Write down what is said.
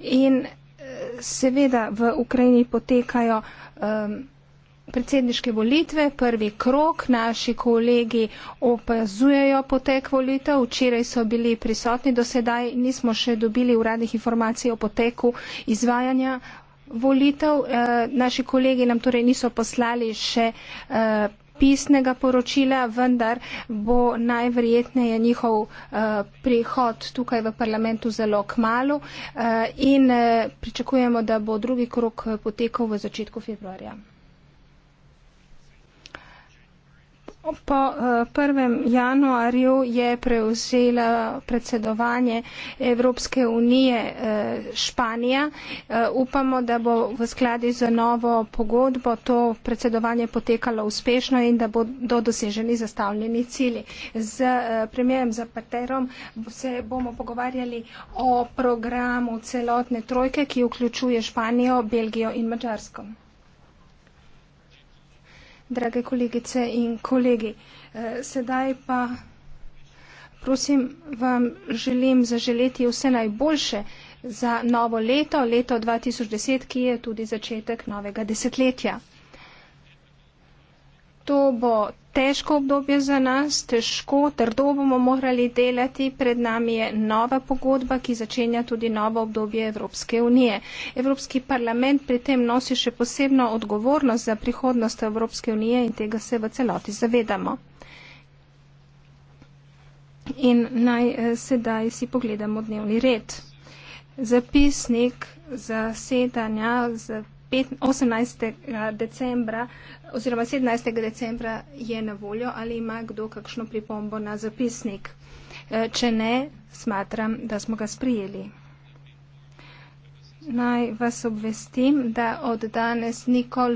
In eh, seveda v Ukrajini potekajo um, predsedniške volitve, prvi krok, naši kolegi opazujejo potek volitev, včeraj so bili prisotni, do sedaj nismo še dobili uradnih informacij o poteku izvajanja volitev. E, naši kolegi nam torej niso poslali še e, pisnega poročila, vendar bo najverjetneje njihov eh, prihod tukaj v parlamentu zelo kmalo eh, in eh, pričakujemo, da bo drugi krok potekal v začetku februarja. po eh, prvem januarju je prevzela predsedovanje Evropske unije eh, Španija. Eh, upamo, da bo v skladi za novo pogodbo to predsedovanje potekalo uspešno in da bodo doseženi zastavljeni cilji. Z premijerem Zapaterom se bomo pogovarjali o programu celotne trojke, ki vključuje Španijo, Belgijo in Mačarsko drage kolegice in kolegi. Eh, sedaj pa prosim vam želim zaželeti vse najboljše za novo leto, leto 2010, ki je tudi začetek novega desetletja to bo težko obdobje za nas, težko, trdo bomo morali delati. Pred nami je nova pogodba, ki začenja tudi novo obdobje Evropske unije. Evropski parlament pri tem nosi še posebno odgovornost za prihodnost Evropske unije in tega se v celoti zavedamo. In naj eh, sedaj si pogledamo dnevni red. Zapisnik zasedanja, zapisnik pet, 18. decembra oziroma 17. decembra je na voljo ali ima kdo kakšno pripombo na zapisnik. E, če ne, smatram, da smo ga sprijeli. Naj vas obvestim, da od danes nikoli.